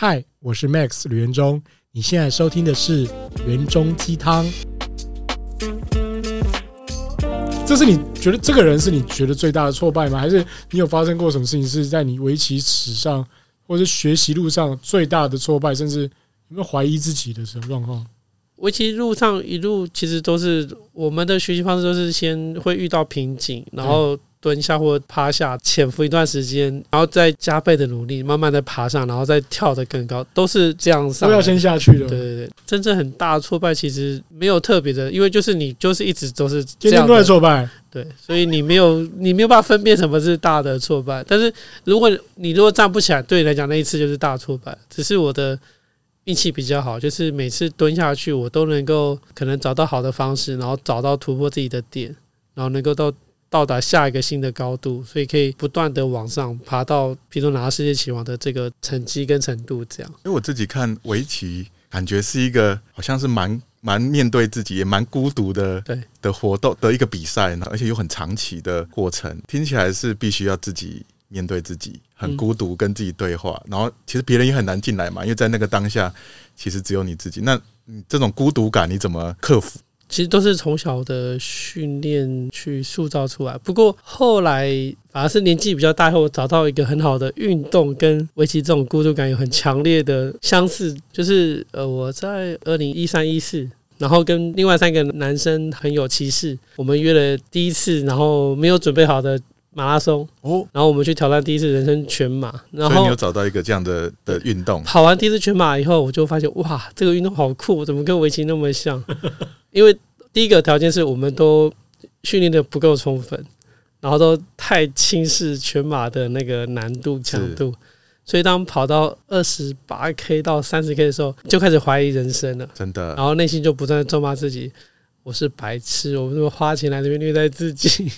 嗨，Hi, 我是 Max 李元鐘。你現在收聽的是《元鐘雞湯》。這是你覺得這個人是你覺得最大的挫敗嗎？還是你有發生過什麼事情是在你圍棋史上或是學習路上最大的挫敗，甚至有沒有懷疑自己的什麼狀況？圍棋路上一路其實都是我們的學習方式，都是先會遇到瓶頸，然後。蹲下或趴下，潛伏一段時間，然後再加倍的努力，慢慢的再爬上，然後再跳得更高，都是這樣上。都要先下去的。對對對，真正很大的挫敗其實沒有特別的，因為就是你就是一直都是天天都在挫敗，對，所以你沒有你沒有辦法分辨什麼是大的挫敗。但是如果你如果站不起來，對你來講那一次就是大挫敗。只是我的運氣比較好，就是每次蹲下去我都能夠可能找到好的方式，然後找到突破自己的點，然後能夠到。到達下一個新的高度，所以可以不斷的往上爬到，比如拿到世界棋王的這個成績跟程度這樣。因為我自己看圍棋，感覺是一個好像是蠻蠻面對自己，也蠻孤獨的，對的活動的一個比賽呢，而且又很長期的過程，聽起來是必須要自己面對自己，很孤獨，跟自己對話。嗯、然後其實別人也很難進來嘛，因為在那個當下，其實只有你自己。那、嗯、這種孤獨感，你怎麼克服？其實都是從小的訓練去塑造出來。不過後來反而是年紀比較大後，找到一個很好的運動，跟圍棋這種孤獨感有很強烈的相似。就是呃，我在二零一三一四，然後跟另外三個男生很有其事。我們約了第一次，然後沒有準備好的。馬拉松哦，然後我們去挑戰第一次人生全馬，然後你有找到一個這樣的的運動。跑完第一次全馬以後，我就發現哇，這個運動好酷，怎麼跟圍棋那麼像？因為第一個條件是我們都訓練得不夠充分，然後都太輕視全馬的那個難度強度，是所以當跑到二十八 k 到三十 k 的時候，就開始懷疑人生了，真的。然後內心就不斷的咒罵自己，我是白痴，我怎麼花錢來這邊虐待自己？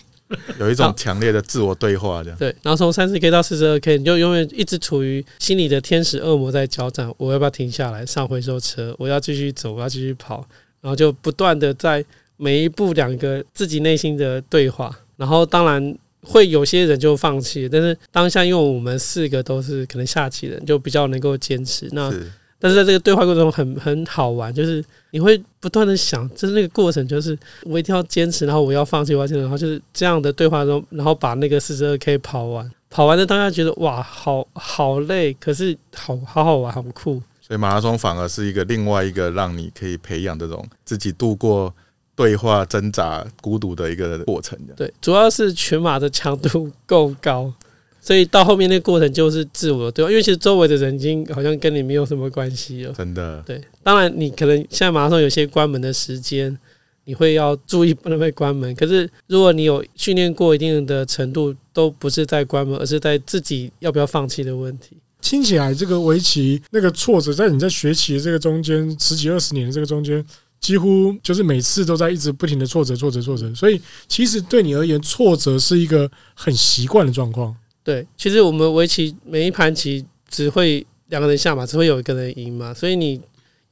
有一種強烈的自我對話，這樣、啊、對。然後從三十 k 到四十二 k，你就永遠一直處於心裡的天使、惡魔在交戰。我要不要停下來上回收車？我要繼續走，我要繼續跑，然後就不斷的在每一步，兩個自己內心的對話。然後當然會有些人就放棄，但是當下因為我們四個都是可能下棋人，就比較能夠堅持。那。但是在這個對話過程中很很好玩，就是你會不斷的想，就是那個過程，就是我一定要堅持，然後我要放棄，我要堅持，然後就是這樣的對話中，然後把那個四十二 K 跑完，跑完的大家覺得哇，好好累，可是好好好玩，好酷。所以馬拉松反而是一個另外一個讓你可以培養這種自己度過對話掙扎孤獨的一個過程。對，主要是全馬的強度夠高。所以到後面那個過程就是自我的對話，因為其實周圍的人已經好像跟你沒有什麼關係了。真的對，當然你可能現在馬拉松有些關門的時間，你會要注意不能被關門。可是如果你有訓練過一定的程度，都不是在關門，而是在自己要不要放棄的問題。聽起來這個圍棋那個挫折，在你在學棋的這個中間十幾二十年的這個中間，幾乎就是每次都在一直不停的挫折、挫折、挫折。所以其實對你而言，挫折是一個很習慣的狀況。對，其實我們圍棋每一盤棋只會兩個人下嘛，只會有一個人贏嘛，所以你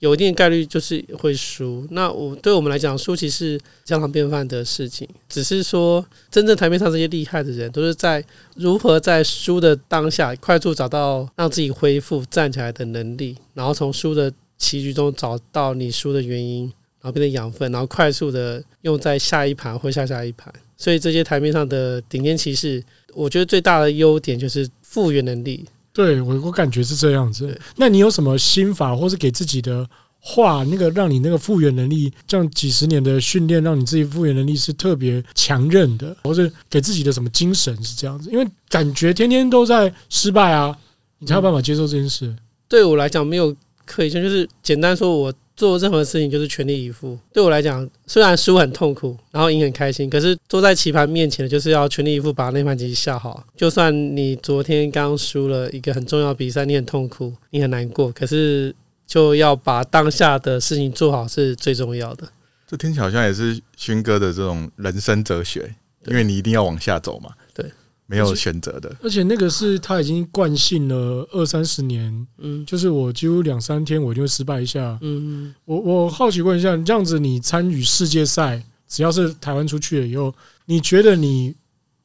有一定的概率，就是會輸。那我對我們來講，輸棋是家常便飯的事情，只是說真正台面上這些厲害的人，都是在如何在輸的當下快速找到讓自己恢復站起來的能力，然後從輸的棋局中找到你輸的原因，然後變成養分，然後快速的用在下一盤或下下一盤。所以這些台面上的頂尖棋士。我覺得最大的優點就是復原能力。對我，我感覺是這樣子。對 那你有什麼心法，或是給自己的話，那個讓你那個復原能力，這樣幾十年的訓練，讓你自己復原能力是特別強韌的，或是給自己的什麼精神是這樣子？因為感覺天天都在失敗啊，你才有辦法接受這件事。嗯、對我來講，沒有刻意就是簡單說，我。做任何事情就是全力以赴。對我來講，雖然輸很痛苦，然後贏很開心，可是坐在棋盤面前的就是要全力以赴，把那盤棋下好。就算你昨天剛輸了一個很重要比賽，你很痛苦，你很難過，可是就要把當下的事情做好是最重要的。這聽起來好像也是勳哥的這種人生哲學，對因為你一定要往下走嘛。沒有選擇的而，而且那個是他已經慣性了二三十年。嗯，就是我幾乎兩三天我就會失敗一下。嗯，我我好奇問一下，這樣子你參與世界賽，只要是台灣出去了以後，你覺得你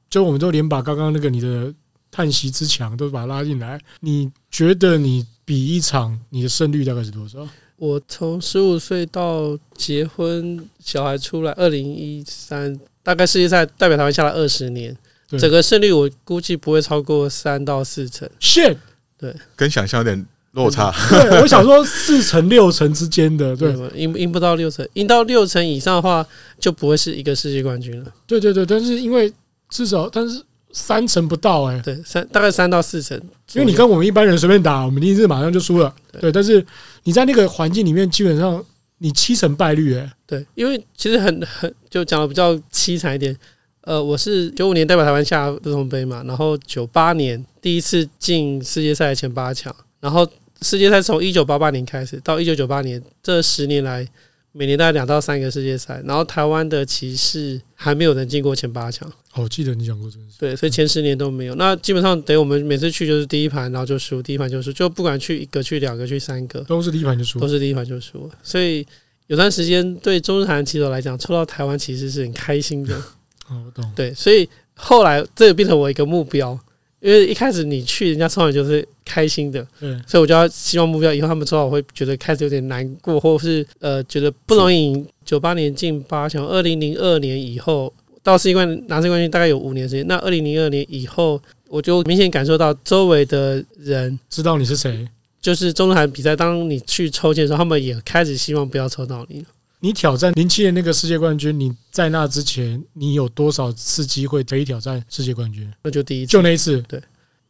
就我們都連把剛剛那個你的嘆息之牆都把它拉進來，你覺得你比一場你的勝率大概是多少？我從十五歲到結婚，小孩出來，二零一三，大概世界賽代表台灣下來二十年。對整個勝率我估計不會超過三到四成，現現對，跟想象有點落差。嗯、我想說四成六成之間的，對，贏贏不到六成，贏到六成以上的話就不會是一個世界冠軍了。對對對，但是因為至少，但是三成不到、欸，哎，對，三大概三到四成。因為你跟我們一般人隨便打，我們第一次馬上就輸了。對,對,對，但是你在那個環境裡面，基本上你七成敗率、欸，哎，對，因為其實很很就講的比較淒慘一點。呃，我是九五年代表台灣下世松杯嘛，然後九八年第一次進世界賽的前八強，然後世界賽從一九八八年開始到一九九八年這十年來，每年大概兩到三個世界賽，然後台灣的棋士還沒有人進過前八強。哦，記得你講過這個事。對，所以前十年都沒有。那基本上等於我們每次去就是第一盤，然後就輸，第一盤就輸，就不管去一個、去兩個、去三個，都是第一盤就輸，都是第一盤就輸。所以有段時間對中日韓棋手來講，抽到台灣棋士是很開心的。 哦，懂。Oh, 對，所以後來這也變成我一個目標，因為一開始你去人家抽完就是開心的，嗯，Yeah. 所以我就要希望目標以後他們抽到我會覺得開始有點難過，或是呃覺得不容易，98年 8, 是。九八年進八強，二零零二年以後到世冠賽拿世冠軍大概有五年時間。那二零零二年以後，我就明顯感受到周圍的人知道你是誰，就是中日韓比賽，當你去抽籤的時候，他們也開始希望不要抽到你了。你挑戰零七年那個世界冠軍，你在那之前，你有多少次機會可以挑戰世界冠軍？那就第一次，就那一次。對，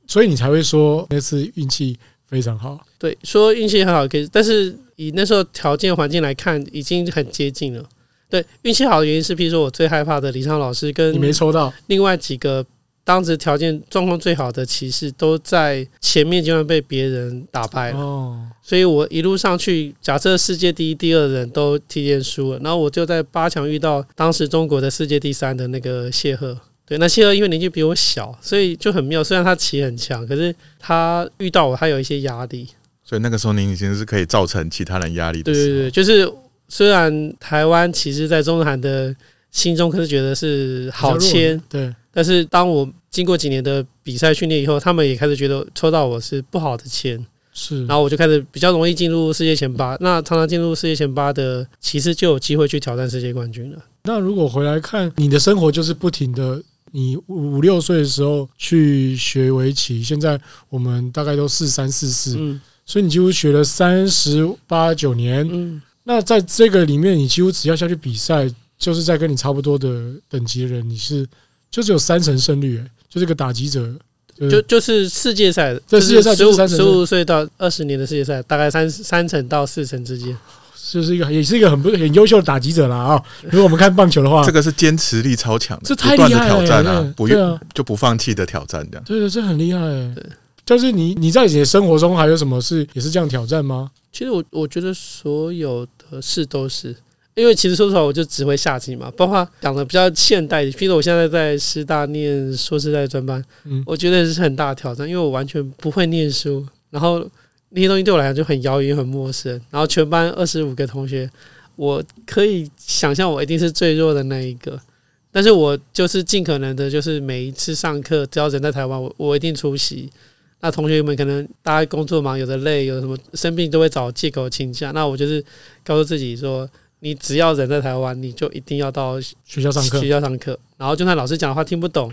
所以你才會說那次運氣非常好。對，說運氣很好，可以，但是以那時候條件環境來看，已經很接近了。對，運氣好的原因是，比如說我最害怕的李昌老師，跟你沒抽到另外幾個。當時條件狀況最好的騎士都在前面，竟然被別人打敗了。Oh. 所以，我一路上去，假設世界第一、第二人都提前輸了，然後我就在八強遇到當時中國的世界第三的那個謝赫。對，那謝赫因為年紀比我小，所以就很妙。雖然他騎很強，可是他遇到我，他有一些壓力。所以那個時候，您已經是可以造成其他人壓力的。對對對，就是雖然台灣棋士在中日韓的心中，可是覺得是好簽。對。但是，當我經過幾年的比賽訓練以後，他們也開始覺得抽到我是不好的籤，是。然後我就開始比較容易進入世界前八。那常常進入世界前八的，其實就有機會去挑戰世界冠軍了。那如果回來看，你的生活就是不停的，你五六歲的時候去學圍棋，現在我們大概都四三四四，嗯，所以你幾乎學了三十八九年，嗯，那在這個裡面，你幾乎只要下去比賽，就是在跟你差不多的等級的人，你是。就是有三成勝率，就是一個打擊者，就就是世界賽，在世界賽，十五十五歲到二十年的世界賽，大概三三成到四成之間，就是一個也是一個很很優秀的打擊者啦。啊。如果我們看棒球的話，這個是堅持力超強的，這不斷的挑戰啊，不用就不放棄的挑戰，對，這很厲害。就是你你在你的生活中還有什麼事也是這樣挑戰嗎？其實我我覺得所有的事都是。因為其實說實話，我就只會下棋嘛。包括講的比較現代一點，比如我現在在師大念碩士在專班，嗯、我覺得是很大的挑戰，因為我完全不會念書，然後那些東西對我來講就很遙遠、很陌生。然後全班二十五個同學，我可以想象我一定是最弱的那一個。但是我就是盡可能的，就是每一次上課，只要人在台灣，我我一定出席。那同學們可能大家工作忙，有的累，有什麼生病都會找借口請假。那我就是告訴自己說，你只要人在台灣，你就一定要到學校上課。學校上課，然後就算老師講的話聽不懂，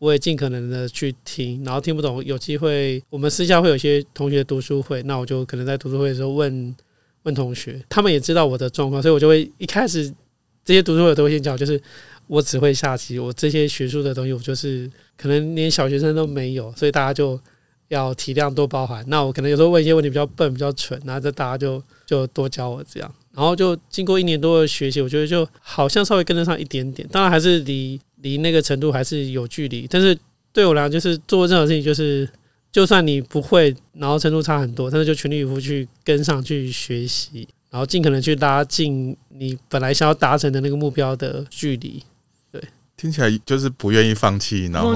我也盡可能的去聽。然後聽不懂，有機會我們私下會有些同學讀書會，那我就可能在讀書會的時候問問同學，他們也知道我的狀況，所以我就會一開始這些讀書會都會先講，就是我只會下棋，我這些學術的東西我就是可能連小學生都沒有，所以大家就要體諒多包含。那我可能有時候問一些問題比較笨比較蠢，然後這大家就就多教我這樣。然後就經過一年多的學習，我覺得就好像稍微跟得上一點點，當然還是離離那個程度還是有距離。但是對我來講，就是做任何事情，就是就算你不會，然後程度差很多，但是就全力以赴去跟上去學習，然後盡可能去拉近你本來想要達成的那個目標的距離，對。聽起來就是不願意放棄，然後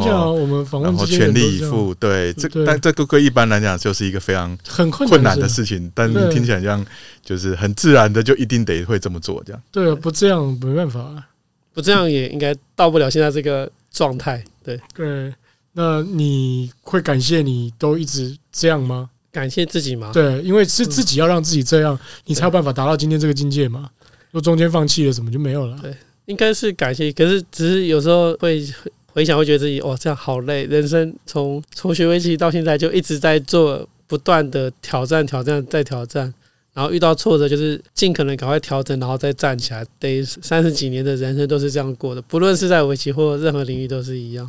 然後全力以赴。對，這但這個一般來講就是一個非常很困難的事情，但聽起來這樣就是很自然的，就一定得會這麼做，這樣。對啊，不這樣沒辦法，不這樣也應該到不了現在這個狀態，對對。那你會感謝你都一直這樣嗎？感謝自己嗎？對，因為是自己要讓自己這樣，你才有辦法達到今天這個境界嘛。如果中間放棄了，什麼就沒有了，對。應該是感謝，可是只是有時候會回想，會覺得自己哇，這樣好累。人生從從學圍棋到現在，就一直在做，不斷的挑戰、挑戰、再挑戰，然後遇到挫折，就是盡可能趕快調整，然後再站起來。得三十幾年的人生都是這樣過的，不論是在圍棋或任何領域都是一樣，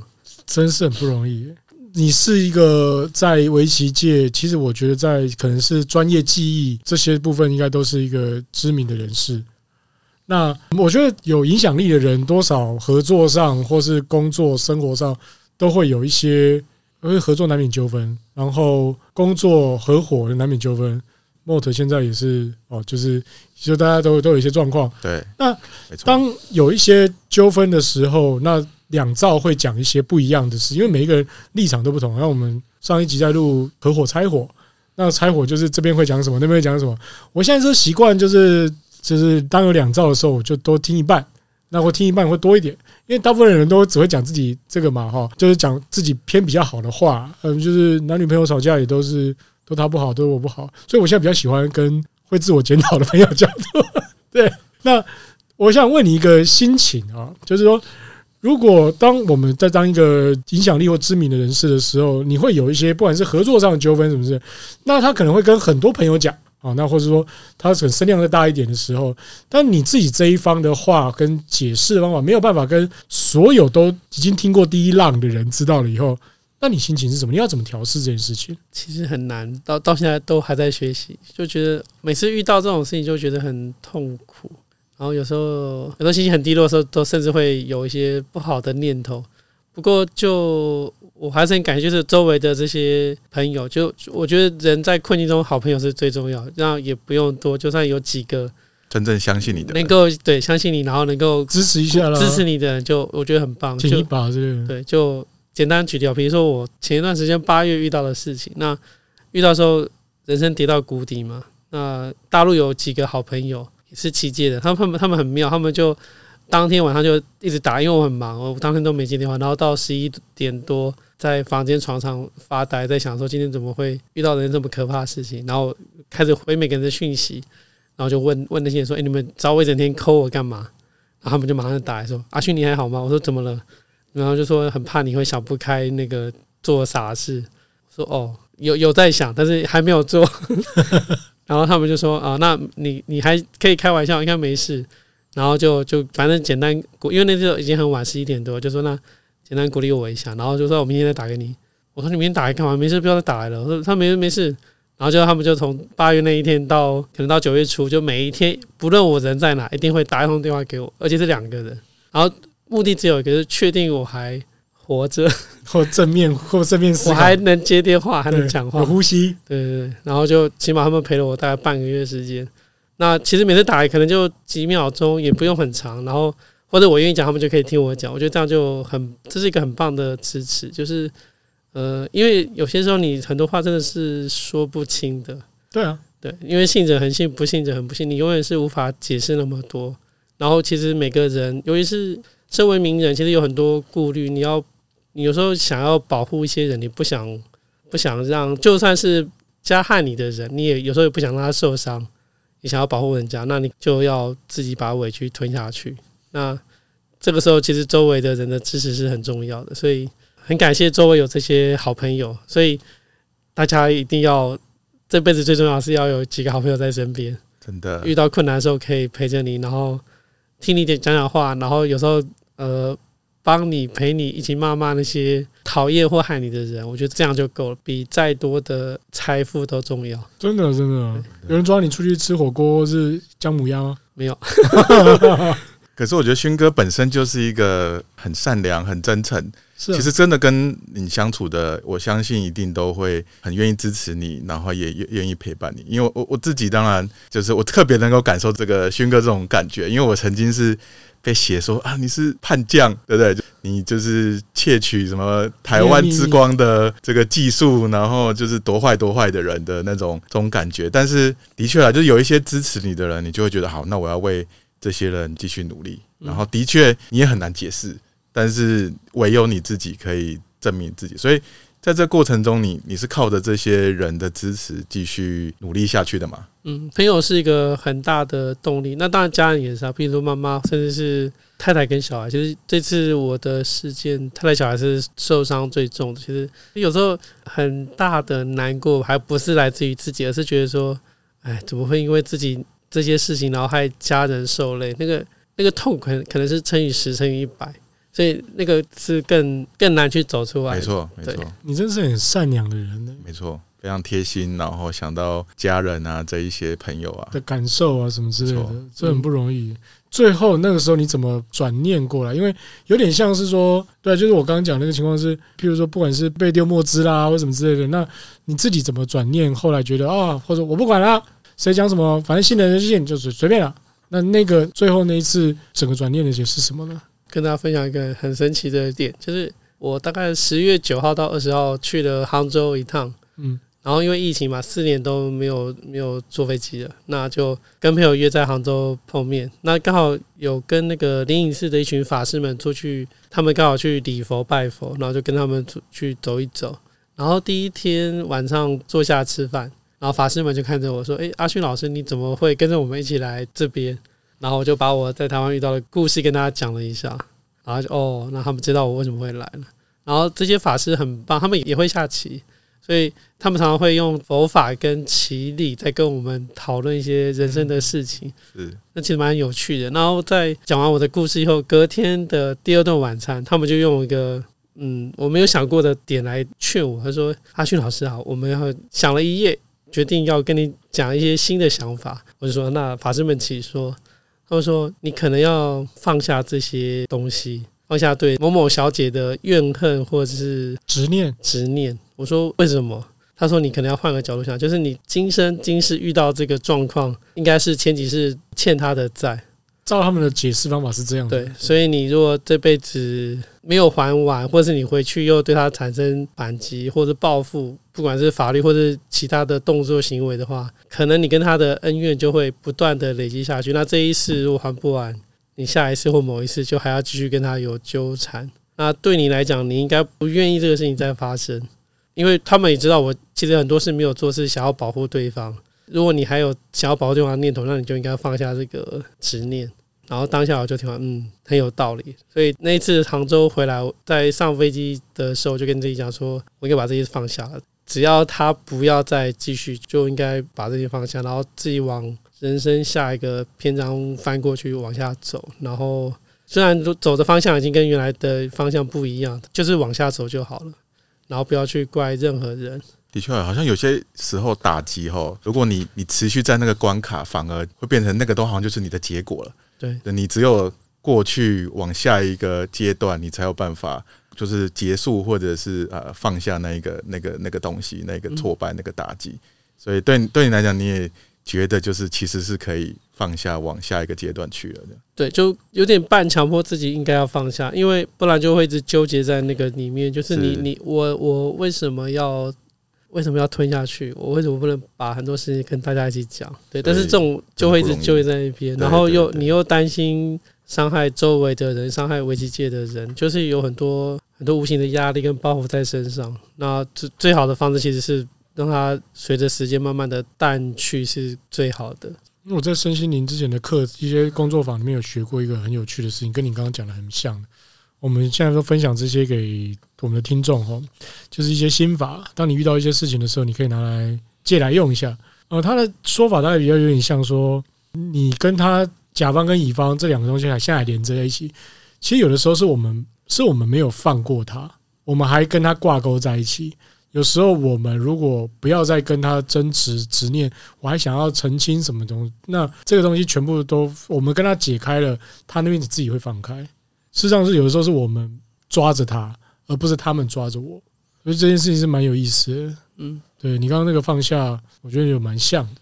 真是很不容易。你是一個在圍棋界，其實我覺得在可能是專業技藝這些部分，應該都是一個知名的人士。那我覺得有影響力的人，多少合作上或是工作、生活上都會有一些，因為合作難免糾紛，然後工作合夥難免糾紛。Mot 現在也是哦，就是其實大家都都有一些狀況。對，那當有一些糾紛的時候，那兩兆會講一些不一樣的事，因為每一個人立場都不同。那我們上一集在錄合夥拆夥，那拆夥就是這邊會講什麼，那邊會講什麼。我現在是習慣就是。就是當有兩造的時候，我就多聽一半。那我聽一半會多一點，因為大部分人都只會講自己這個嘛，哈，就是講自己偏比較好的話。嗯，就是男女朋友吵架也都是都他不好，都是我不好。所以我現在比較喜歡跟會自我檢討的朋友講。對，那我想問你一個心情啊，就是說，如果當我們在當一個影響力或知名的人士的時候，你會有一些不管是合作上的糾紛什麼事，那他可能會跟很多朋友講。那或是說，它可能聲量再大一點的時候，但你自己這一方的話跟解釋的方法，沒有辦法跟所有都已經聽過第一浪的人知道了以後，那你心情是怎麼？你要怎麼調適這件事情？其實很難，到到現在都還在學習，就覺得每次遇到這種事情就覺得很痛苦，然後有時候有時候心情很低落的時候，都甚至會有一些不好的念頭。不過，就我還是很感謝，就是周圍的這些朋友，就我覺得人在困境中，好朋友是最重要，那也不用多，就算有幾個真正相信你的，能夠對相信你，然後能夠支持一下了，支持你的人就我覺得很棒，就一把對，就簡單舉例，比如說我前一段時間八月遇到的事情，那遇到的時候人生跌到谷底嘛，那大陸有幾個好朋友也是棋界的，他們他們很妙，他們就。當天晚上就一直打，因為我很忙，我當天都沒接電話。然後到十一點多，在房間床上發呆，在想說今天怎麼會遇到人這麼可怕的事情。然後開始回每個人的訊息，然後就問問那些人說：“哎，你們找我一整天摳我幹嘛？”然後他們就馬上就打來說：“阿勳，你還好嗎？”我說：“怎麼了？”然後就說很怕你會想不開，那個做傻事。說：“哦，有有在想，但是還沒有做。 ”然後他們就說：“啊，那你你還可以開玩笑，應該沒事。”然後就就反正簡單，因為那時候已經很晚，十一點多，就說那簡單鼓勵我一下，然後就說我明天再打給你。我說你明天打來幹嘛？沒事不要再打來了。我說他沒事沒事。然後就他們就從八月那一天到可能到九月初，就每一天，不論我人在哪，一定會打一通電話給我，而且是兩個人。然後目的只有一個，是確定我還活着，或正面或正面。正面我還能接電話，還能講話，我呼吸。對對對。然後就起碼他們陪了我大概半個月時間。那其實每次打可能就幾秒鐘，也不用很長。然後或者我願意講，他們就可以聽我講。我覺得這樣就很，這是一個很棒的支持。就是呃，因為有些時候你很多話真的是說不清的。對啊，對，因為信者恆信，不信者恆不信，你永遠是無法解釋那麼多。然後其實每個人，尤其是身為名人，其實有很多顧慮。你要，你有時候想要保護一些人，你不想不想讓，就算是加害你的人，你也有時候也不想讓他受傷。你想要保護人家，那你就要自己把委屈吞下去。那這個時候，其實周圍的人的支持是很重要的，所以很感謝周圍有這些好朋友。所以大家一定要，這輩子最重要是要有幾個好朋友在身邊，真的遇到困難的時候可以陪着你，然後聽你講講話，然後有時候呃。幫你陪你一起罵罵那些討厭或害你的人，我覺得這樣就夠了，比再多的財富都重要。真的，真的，對有人抓你出去吃火鍋是薑母鴨嗎？沒有。 可是我覺得勳哥本身就是一個很善良、很真誠。是其實真的跟你相處的，我相信一定都會很願意支持你，然後也願意陪伴你。因為我我自己當然就是我特別能夠感受這個勳哥這種感覺，因為我曾經是。被寫說啊，你是叛將，對不對？就你就是竊取什麼台灣之光的這個技術，然後就是多壞多壞的人的那種這種感覺。但是的確啊，就是有一些支持你的人，你就會覺得好，那我要為這些人繼續努力。嗯，然後的確你也很難解釋，但是唯有你自己可以證明自己，所以。在這個過程中你，你你是靠着這些人的支持繼續努力下去的嗎？嗯，朋友是一個很大的動力。那當然，家人也是啊。比如說媽媽，甚至是太太跟小孩。其實這次我的事件，太太小孩是受傷最重的。其實有時候很大的難過，還不是來自於自己，而是覺得說，哎，怎麼會因為自己這些事情，然後害家人受累？那個那個痛，可能可能是乘以十，乘以一百。所以那個是更更難去走出來的沒。沒錯，沒錯對。你真是很善良的人呢，沒錯，非常貼心，然後想到家人啊、這一些朋友啊的感受啊什麼之類的，錯這很不容易。嗯、最後那個時候你怎麼轉念過來？因為有點像是說，對，就是我剛剛講那個情況是，譬如說不管是被丟墨汁啦或什麼之類的，那你自己怎麼轉念？後來覺得啊、哦，或者我不管了、啊，誰講什麼，反正新人的事你就隨隨便了。那那個最後那一次整個轉念的點是什麼呢？跟大家分享一個很神奇的一點，就是我大概十月九號到二十號去了杭州一趟，嗯，然後因為疫情嘛，四年都沒有沒有坐飛機了，那就跟朋友約在杭州碰面。那剛好有跟那個靈隱寺的一群法師們出去，他們剛好去禮佛拜佛，然後就跟他們去走一走。然後第一天晚上坐下吃飯，然後法師們就看着我說：“哎，阿勳老師，你怎麼會跟着我們一起來這邊？”然後我就把我在台灣遇到的故事跟大家講了一下，然後就哦，那他們知道我為什麼會來了。然後這些法師很棒，他們也會下棋，所以他們常常會用佛法跟棋理在跟我們討論一些人生的事情。嗯，是，那其實蠻有趣的。然後在講完我的故事以後，隔天的第二頓晚餐，他們就用一個嗯我沒有想過的點來勸我。他說：“阿勳老師啊，我們要想了一夜，決定要跟你講一些新的想法。”我就說：“那法師們，請說。”他說：“你可能要放下這些東西，放下對某某小姐的怨恨，或者是執念。執念。”我說：“為什麼？”他說：“你可能要換個角度想，就是你今生今世遇到這個狀況，應該是前幾世欠她的債。”照他們的解釋方法是這樣的，對，所以你如果這輩子沒有還完，或是你回去又對他產生反擊或者報復，不管是法律或是其他的動作行為的話，可能你跟他的恩怨就會不斷的累積下去。那這一次如果還不完，你下一次或某一次就還要繼續跟他有糾纏。那對你來講，你應該不願意這個事情再發生，因為他們也知道，我其實很多事沒有做是想要保護對方。如果你還有想要保護對方的念頭，那你就應該放下這個執念。然後當下我就聽完，嗯，很有道理。所以那一次杭州回來，在上飛機的時候就跟自己講，說我應該把這些放下了，只要他不要再繼續，就應該把這些放下，然後自己往人生下一個篇章翻過去，往下走。然後雖然走的方向已經跟原來的方向不一樣，就是往下走就好了，然後不要去怪任何人。的確，好像有些時候打擊吼，如果你你持續在那個關卡，反而會變成那個都好像就是你的結果了。對，對，你只有過去往下一個階段，你才有辦法就是結束，或者是呃放下那一個那個那個東西，那個挫敗，嗯、那個打擊。所以對對你來講，你也覺得就是其實是可以放下，往下一個階段去了。對，就有點半強迫自己應該要放下，因為不然就會一直糾結在那個裡面。就是你是你我我為什麼要？為什麼要吞下去？我為什麼不能把很多事情跟大家一起講？對，所以，但是這種就會一直糾結在那邊，然後又對對對，你又擔心傷害周圍的人，傷害圍棋界的人，就是有很多很多無形的壓力跟包袱在身上。那最最好的方式其實是讓它隨着時間慢慢的淡去，是最好的。因為我在身心靈之前的課一些工作坊裡面有學過一個很有趣的事情，跟你剛剛講的很像的。我們現在都分享這些給我們的聽眾哈，就是一些心法。當你遇到一些事情的時候，你可以拿來借來用一下。呃，他的說法大概比較有點像說，你跟他甲方跟乙方這兩個東西還現在還連接在一起。其實有的時候是我們，是我們沒有放過他，我們還跟他掛鈎在一起。有時候我們如果不要再跟他爭執執念，我還想要澄清什麼東西，那這個東西全部都我們跟他解開了，他那邊你自己會放開。事實上是有的時候是我們抓着他，而不是他們抓着我，所以這件事情是蠻有意思的。嗯，對你剛剛那個放下，我覺得有蠻像的。嗯，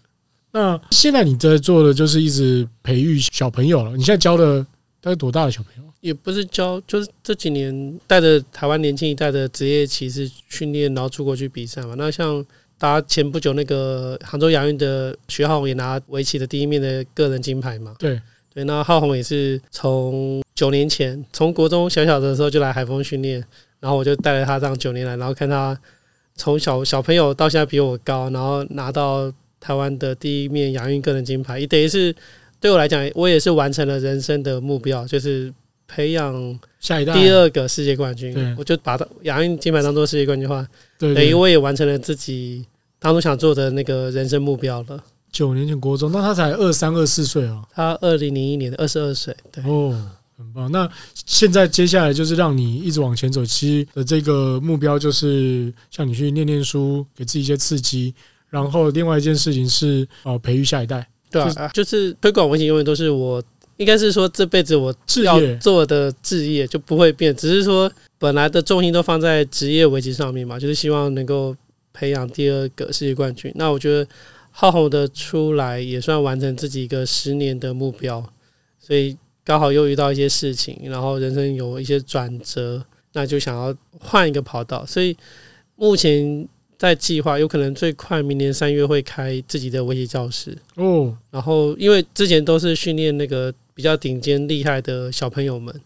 那現在你在做的就是一直培育小朋友了。你現在教的大概多大的小朋友？也不是教，就是這幾年帶着台灣年輕一代的職業棋士訓練，然後出國去比賽嘛。那像大家前不久那個杭州亞運的徐浩宏也拿圍棋的第一面的個人金牌嘛。對對，那浩宏也是從。九年前，從國中小小的時候就來海峰訓練，然後我就帶了他這樣九年來，然後看他從小小朋友到現在比我高，然後拿到台灣的第一面亞運個人金牌，也等於是對我來講，我也是完成了人生的目標，就是培養下一代第二個世界冠軍。對我就把他亞運金牌當做世界冠軍的話，對對對，等於我也完成了自己當初想做的那個人生目標了。九年前國中，那他才二三二四歲哦？他二零零一年的二十二歲，對、oh. 很棒。那現在接下來就是讓你一直往前走。其實的這個目標就是像你去念念書，給自己一些刺激。然後另外一件事情是，呃，培育下一代。對啊，就是、就是推廣圍棋，永遠都是我應該是說這輩子我只要做的職業。職業就不會變，只是說本來的重心都放在職業圍棋上面嘛，就是希望能夠培養第二個世界冠軍。那我覺得皓鋐的出來也算完成自己一個十年的目標，所以。剛好又遇到一些事情，然後人生有一些轉折，那就想要換一個跑道。所以目前在計劃，有可能最快明年三月會開自己的圍棋教室。嗯，然後因為之前都是訓練那個比較頂尖厲害的小朋友們，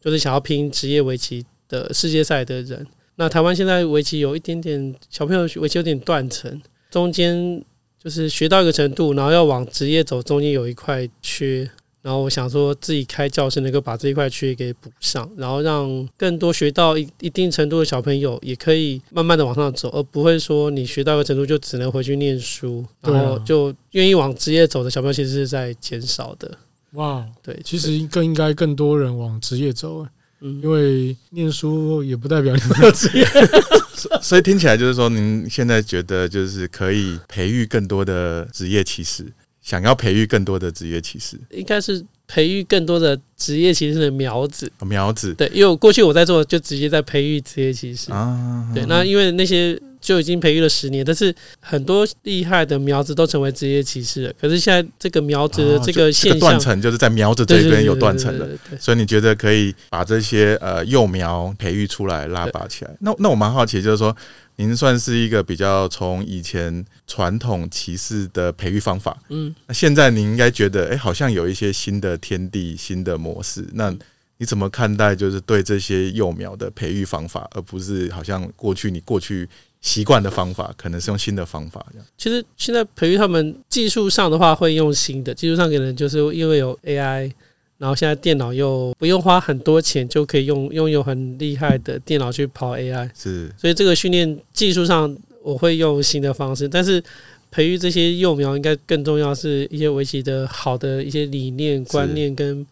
就是想要拼職業圍棋的世界賽的人。那台灣現在圍棋有一點點小朋友圍棋有點斷層，中間就是學到一個程度，然後要往職業走，中間有一塊缺。然後我想說自己開教室能夠把這一塊區域給補上，然後讓更多學到一一定程度的小朋友也可以慢慢的往上走，而不會說你學到一個程度就只能回去念書。然後就願意往職業走的小朋友其實是在減少的。哇，對，wow, 其實更應該更多人往職業走啊、欸，因為念書也不代表你沒有職業。 職業笑 所以聽起來就是說，您現在覺得就是可以培育更多的職業棋士。想要培育更多的職業棋士，應該是培育更多的職業棋士的苗子、苗子。對，因為過去我在做，就直接在培育職業棋士。啊、對，那因為那些。就已經培育了十年，但是很多厲害的苗子都成為職業棋士了。可是現在這個苗子的這個現象斷層，哦、就，這個就是在苗子這邊有斷層了。所以你覺得可以把這些呃幼苗培育出來，拉拔起來？對 那那我蠻好奇，就是說您算是一個比較從以前傳統棋士的培育方法，嗯，那現在你應該覺得，哎、欸，好像有一些新的天地、新的模式。那你怎麼看待，就是對這些幼苗的培育方法，而不是好像過去你過去。習慣的方法，可能是用新的方法這樣。其實現在培育他們技術上的話，會用新的技術上，可能就是因為有 AI，然後現在電腦又不用花很多錢就可以用擁有很厲害的電腦去跑 AI，是。所以這個訓練技術上我會用新的方式，但是培育這些幼苗應該更重要是一些圍棋的好的一些理念觀念跟，跟是。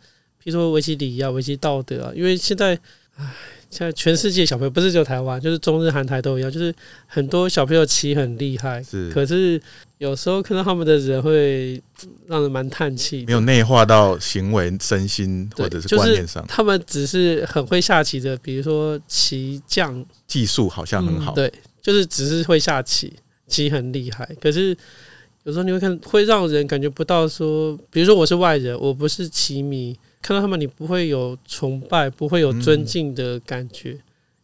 比如說圍棋禮儀啊、圍棋道德啊，因為現在，唉現在全世界小朋友，不是只有台灣，就是中日韓台都一樣，就是很多小朋友棋很厲害，是。可是有時候看到他們的人，會讓人蠻嘆氣。沒有內化到行為、身心或者是觀念上，就是、他們只是很會下棋的，比如說棋匠技術好像很好、嗯，對，就是只是會下棋，棋很厲害。可是有時候你會看，會讓人感覺不到說，比如說我是外人，我不是棋迷。看到他們，你不會有崇拜，不會有尊敬的感覺，嗯、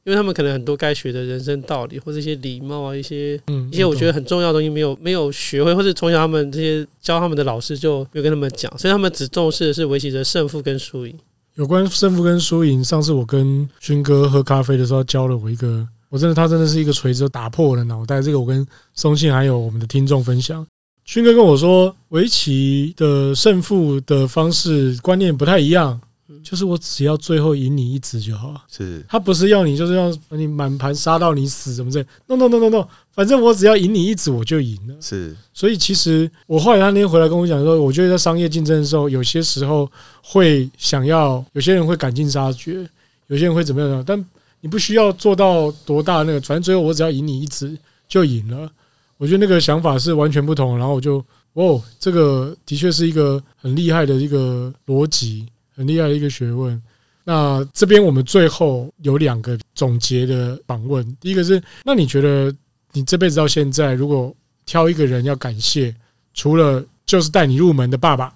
因為他們可能很多該學的人生道理，或者一些禮貌啊，一些、嗯嗯、一些我覺得很重要的東西沒有沒有學會，或者從小他們這些教他們的老師就沒有跟他們講，所以他們只重視的是維持着勝負跟輸贏。有關勝負跟輸贏，上次我跟勳哥喝咖啡的時候，教了我一個，我真的他真的是一個錘子，打破我的腦袋。這個我跟松信還有我們的聽眾分享。勳哥跟我說，圍棋的勝負的方式觀念不太一樣，就是我只要最後贏你一子就好。是，他不是要你，就是要把你滿盤殺到你死怎麼這樣？No No No No No，反正我只要贏你一子，我就贏了。是，所以其實我後來他那天回來跟我講說，我覺得在商業競爭的時候，有些時候會想要，有些人會趕盡殺絕，有些人會怎麼樣？但你不需要做到多大的那個，反正最後我只要贏你一子就贏了。我覺得那個想法是完全不同，然後我就哦，這個的確是一個很厲害的一個邏輯，很厲害的一個學問。那這邊我們最後有兩個總結的訪問，第一個是，那你覺得你這輩子到現在，如果挑一個人要感謝，除了就是帶你入門的爸爸，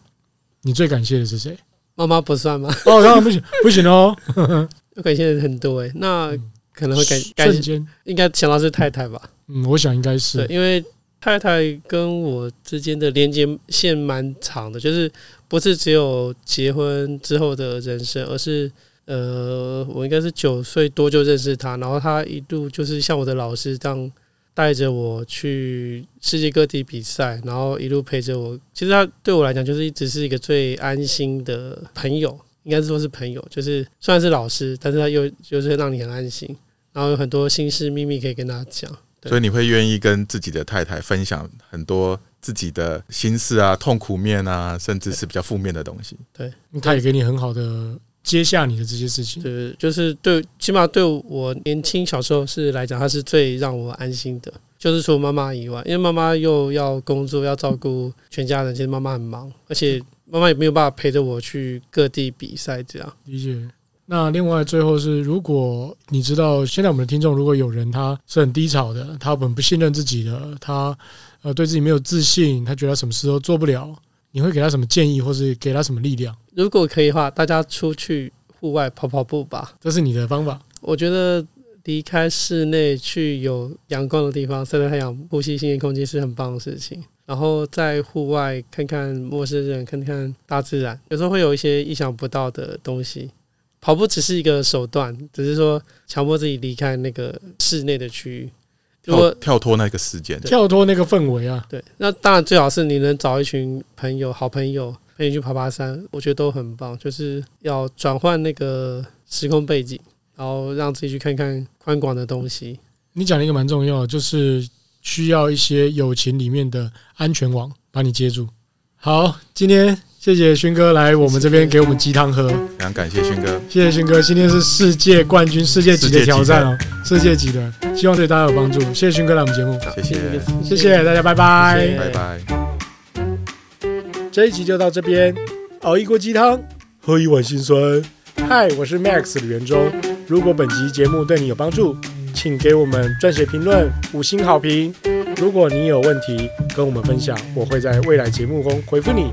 你最感謝的是誰？媽媽不算嗎？哦，當、嗯、然不行，不行哦。我 感謝的人很多哎、欸，那可能會感瞬間 感謝，應該想到是太太吧。嗯嗯，我想應該是，因為太太跟我之間的連接線蠻長的，就是不是只有結婚之後的人生，而是呃，我應該是九歲多就認識他，然後他一度就是像我的老師這樣，帶着我去世界各地比賽，然後一路陪着我。其實他對我來講，就是一直是一個最安心的朋友，應該是說是朋友，就是雖然是老師，但是他又就是讓你很安心，然後有很多心事秘密可以跟他講。所以你會願意跟自己的太太分享很多自己的心事啊、痛苦面啊，甚至是比較負面的東西。對，她也給你很好的接下你的這些事情。對，就是對，起碼對我年輕小時候是來講，她是最讓我安心的。就是除了媽媽以外，因為媽媽又要工作，要照顧全家人，其實媽媽很忙，而且媽媽也沒有辦法陪着我去各地比賽這樣。理解。那另外最後是，如果你知道現在我們的聽眾如果有人他是很低潮的，他本不信任自己的，他呃對自己沒有自信，他覺得什麼事都做不了，你會給他什麼建議，或是給他什麼力量？如果可以的話，大家出去戶外跑跑步吧。這是你的方法。我覺得離開室內去有陽光的地方曬晒太陽，呼吸新鮮空氣是很棒的事情。然後在戶外看看陌生人，看看大自然，有時候會有一些意想不到的東西。跑步只是一個手段，只是說強迫自己離開那個室內的區域，就是說，跳跳脫那個時間，對，跳脫那個氛圍啊。對，那當然最好是你能找一群朋友，好朋友陪你去爬爬山，我覺得都很棒。就是要轉換那個時空背景，然後讓自己去看看寬廣的東西。你講了一個蠻重要的，就是需要一些友情裡面的安全網把你接住。好，今天。謝謝勳哥來我們這邊給我們雞湯喝，非常感謝勳哥，謝謝勳哥，今天是世界冠軍，世界級的挑戰哦，世界級的，嗯、希望對大家有幫助。謝謝勳哥來我們節目，謝謝，謝謝大家拜拜，謝謝，拜拜，拜拜。這一集就到這邊，熬一鍋雞湯，喝一碗心酸。嗨，我是 Max 李元鐘。如果本集節目對你有幫助，請給我們撰寫評論，五星好評。如果你有問題跟我們分享，我會在未來節目中回復你。